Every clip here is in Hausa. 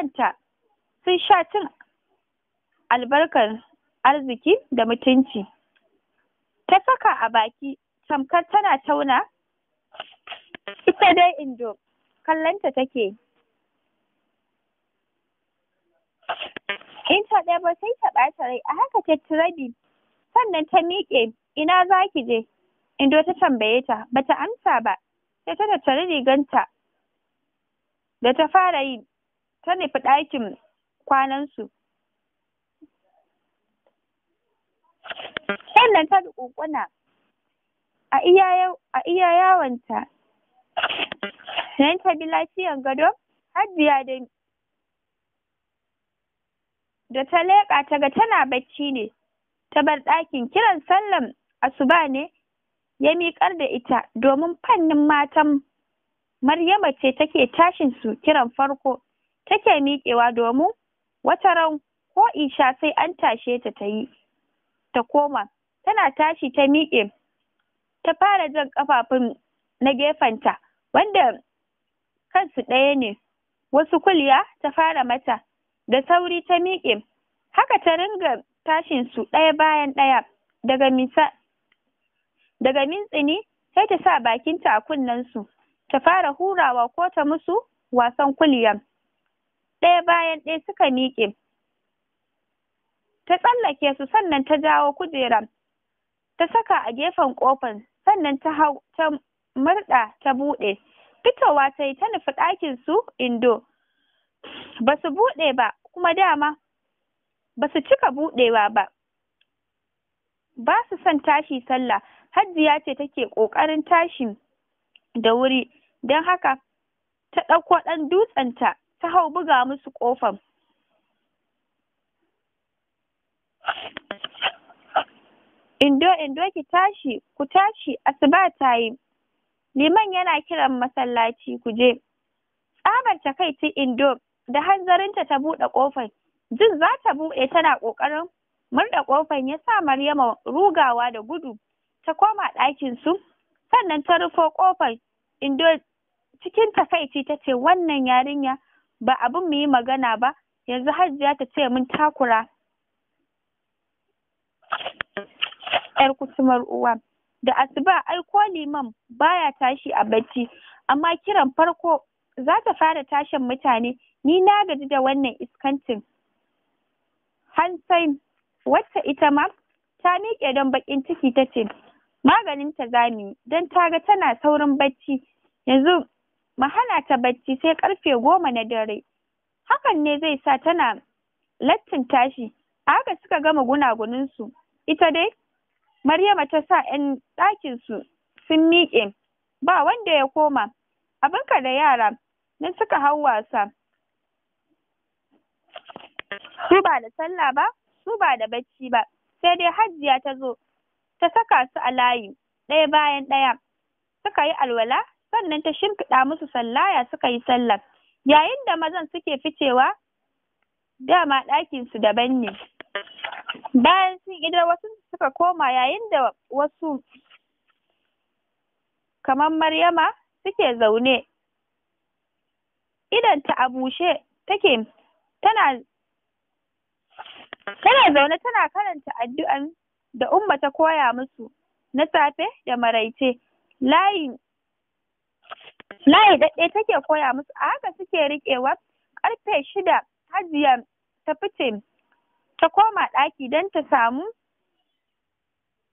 kanta sun sha cin albarkar arziki da mutunci. Ta saka a baki tamkar tana tauna ita dai indo kallonta take. In ta ɗaya ba sai ta ɓata rai a haka ta turabi sannan ta miƙe ina za ki je indo ta tambaye ta bata amsa ba sai ta riganta da ta fara yi ta nufi ɗakin kwanansu. Sannan ta duƙuƙuna a iya yawanta. Nan ta bi lafiyan gado, Hajiya da da ta leƙa ta ga tana bacci ne, ta bar ɗakin kiran sallan asuba ne ya miƙar da ita domin fannin matan Maryama ce take tashin su kiran farko. take miƙewa domin wata ran ko isha sai an tashe ta ta yi ta koma tana tashi ta miƙe ta fara jan ƙafafun na gefenta wanda kansu ɗaya ne wasu kulya ta fara mata da sauri ta miƙe haka ta ringa tashin su ɗaya bayan ɗaya daga misa daga mintsini sai ta sa bakinta a kunnen su ta fara hurawa ko ta musu wasan kulyan ɗaya bayan ɗaya suka miƙe ta tsallake su sannan ta jawo kujera ta saka a gefen ƙofan sannan ta hau ta murɗa ta buɗe fitowa ta yi ta nufi ɗakin su indo ba su buɗe ba kuma dama ba su cika buɗewa ba ba su son tashi sallah hajjiya ce take ƙoƙarin tashi da wuri don haka ta ɗauko ɗan dutsenta ta hau buga musu ƙofan. Indo indo ki tashi, ku tashi, asuba ta yi. Liman yana kiran masallaci ku je. Tsabar ta kai ta indo da hanzarinta ta buɗe ƙofar. Jin za ta buɗe tana ƙoƙarin murɗa kofan ya sa Maryama rugawa da gudu. Ta koma ɗakin su, sannan ta rufo ƙofar indo cikin takaici ta ce wannan yarinya ba abin mu yi magana ba yanzu hajjiya ta ce min takura yar kutumar uwa da asuba ai ko liman baya tashi a bacci amma kiran farko za ta fara tashin mutane ni na gaji da wannan iskantin hansain wacce ita ma ta miƙe don baƙin ciki ta ce maganinta za mu yi don ta ga tana saurin bacci yanzu mu ta bacci sai karfe goma na dare hakan ne zai sa tana lattin tashi a haka suka gama gunaguninsu. su ita dai Maryama ta sa 'yan ɗakin su sun miƙe ba wanda ya koma abinka da yara na suka hau wasa su ba da sallah ba su ba da bacci ba sai dai hajjiya ta zo ta saka su a layi ɗaya bayan ɗaya suka yi alwala sannan ta shimfiɗa musu sallaya suka yi sallar yayin da mazan suke ficewa dama ɗakinsu daban ne bayan sun idar wasu suka koma yayin da wasu kamar maryama suke zaune idonta a bushe take tana tana zaune tana karanta addu'an da umma ta koya musu na safe da maraice layin Layi daɗe take koya musu a haka suke riƙewa ƙarfe shida hajiya ta fice ta koma ɗaki don ta samu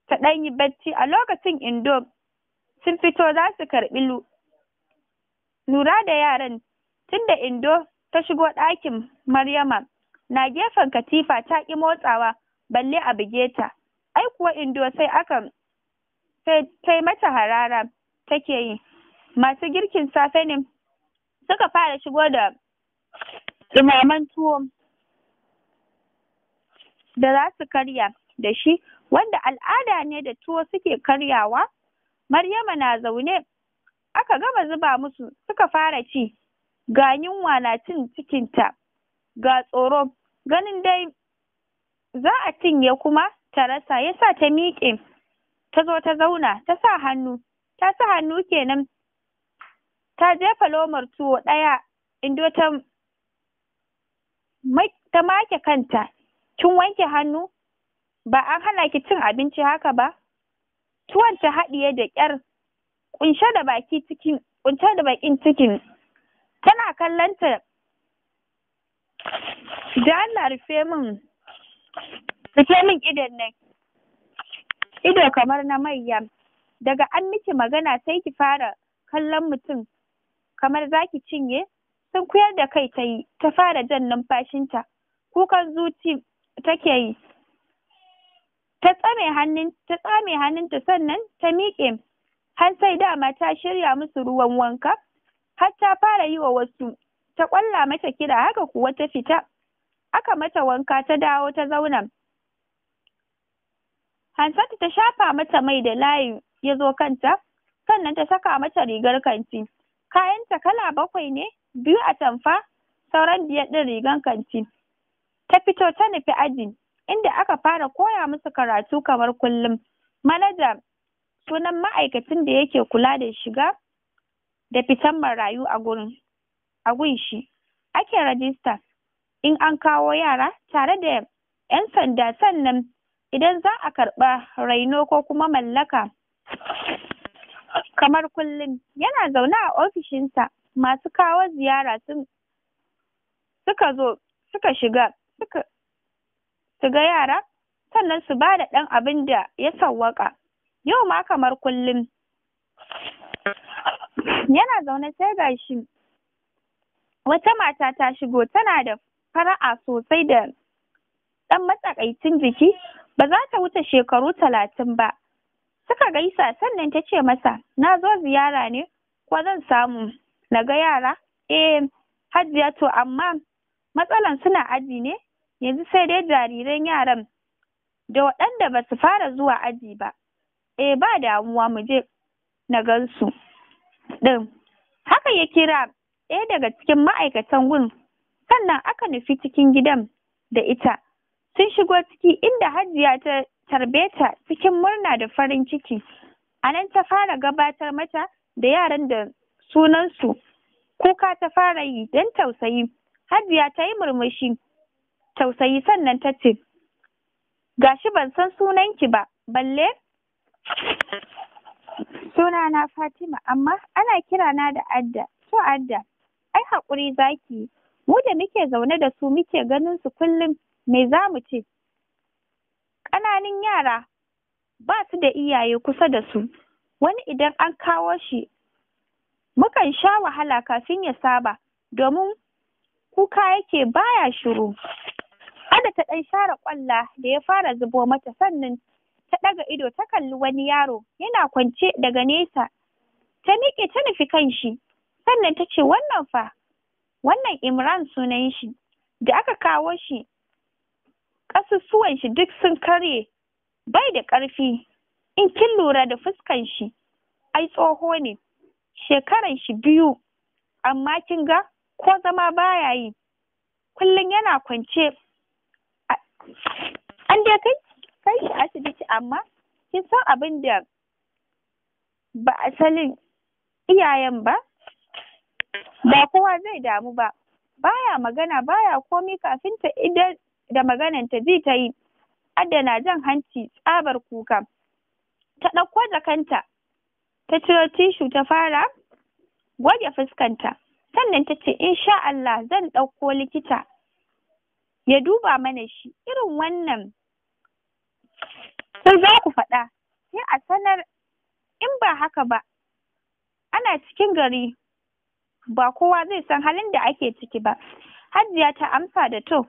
ta ɗan yi bacci a lokacin indo sun fito za su karɓi lura da yaran tunda indo ta shigo ɗakin maryama na gefen katifa ta ƙi motsawa balle a buge ta ai kuwa indo sai aka sai mata harara take yi masu girkin safe ne suka fara shigo da tsumaman tuwo da za su karya da shi wanda al'ada ne da tuwo suke karyawa maryama na zaune aka gama zuba musu suka fara ci ga yunwa na cin cikinta ga tsoro ganin dai za a cinye kuma ta rasa ya sa ta miƙe ta zo ta zauna ta sa hannu ta sa hannu kenan ta jefa lomar tuwo ɗaya indo ta ta make kanta kin wanke hannu ba an hana ki cin abinci haka ba tuwon ta haɗiye da ƙyar Ƙunshe da baki cikin ƙunshe da bakin cikin tana kallon ta da Allah rufe min rufe min idon nan ido kamar na mayya daga an miki magana sai ki fara kallon mutum kamar zaki cinye sun kuyar da kai ta yi ta fara jan numfashinta kukan zuci take yi ta tsame hannun ta tsame hannunta sannan ta miƙe har sai dama ta shirya musu ruwan wanka har ta fara yi wa wasu ta ƙwalla mata kira haka kuwa ta fita aka mata wanka ta dawo ta zauna Hansatu ta shafa mata mai da layi ya zo kanta sannan ta saka mata rigar kanti Kayanta kala bakwai ne, biyu atamfa, sauran biyar ɗin rigan kanti. Ta fito ta nufi aji, inda aka fara koya musu karatu kamar kullum. Manaja sunan ma'aikacin da yake kula da shiga da fitan marayu a gurin, a shi. Ake rajista in an kawo yara tare da 'yan sanda sannan idan za a karɓa raino ko kuma mallaka Kamar kullum yana zaune a ofishinsa masu kawo ziyara sun suka zo suka shiga suka su yara sannan su ba da ɗan abin da ya sawwaka. Yau ma kamar kullum yana zaune sai ga wata mata ta shigo tana da fara'a sosai da ɗan matsakaicin jiki ba za ta wuce shekaru talatin ba Suka gaisa sannan ta ce masa, na zo ziyara ne, ko zan samu na ga yara? Eh, hajiya to amma matsalan suna aji ne, yanzu sai dai jariran yaran da waɗanda ba su fara zuwa aji ba. Eh, ba damuwa mu je na gansu. Ɗin, haka ya kira ɗaya daga cikin ma'aikatan gun, sannan aka nufi cikin gidan da ita. Sun shigo ciki inda hajiya ta tarbe ta cikin murna da farin ciki. A nan ta fara gabatar mata da yaran da sunansu kuka ta fara yi don tausayi. Hajiya ta yi murmushi tausayi sannan ta ce, Gashi ban san sunanki ba, balle? Sunana Fatima, amma ana kira na da Adda, to Adda, ai haƙuri zaki, mu da muke zaune da su muke ganin su kullum, me za mu ce? Ƙananan yara ba su da iyaye kusa da su wani idan an kawo shi mukan sha wahala kafin ya saba domin kuka yake baya shiru ada ta ɗan share ƙwalla da ya fara zubo mata sannan ta ɗaga ido ta kalli wani yaro yana kwance daga nesa ta miƙe ta nufi kan shi sannan ta ce wannan fa wannan imran sunan shi da aka kawo shi ƙasusuwan shi duk sun karye bai da ƙarfi in kin lura da fuskan shi ai tsoho ne shekaran shi biyu amma kin ga ko zama baya yi kullum yana kwance an dai kai kai shi asibiti amma kin san abin da ba asalin iyayen ba ba kowa zai damu ba baya magana baya komi kafin ta idan da magananta ji ta yi adana jan hanci tsabar kuka ta ɗauko jakanta ta ciro tishu ta fara goge fuskanta sannan ta ce in sha Allah zan ɗauko likita ya duba mana shi irin wannan sai za ku faɗa sai a sanar in ba haka ba ana cikin gari ba kowa zai san halin da ake ciki ba hajiya ta amsa da to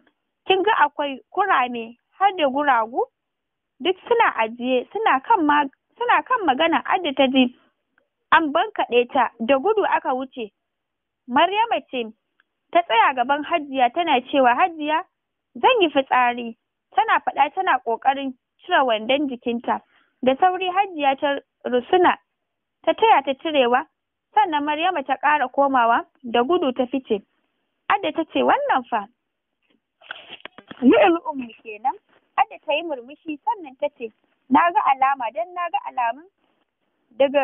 kin ga akwai kurame har da guragu duk suna ajiye suna kan ma suna kan magana adda ta ji an bankaɗe ta da gudu aka wuce maryama ce ta tsaya gaban hajiya tana cewa hajiya zan yi fitsari tana faɗa tana ƙoƙarin cire wandon jikinta da sauri hajiya ta rusuna ta taya ta cirewa sannan maryama ta ƙara komawa da gudu ta fice adda ta ce wannan fa Lu'ulu'un mu kenan. Hadda ta yi murmushi sannan ta ce, na ga alama don na ga alamun daga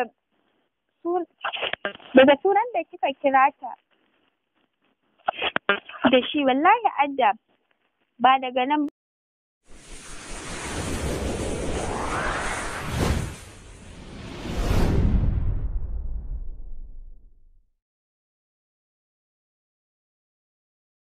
daga sunan da kika kira ta da shi wallahi adda ba daga nan ba.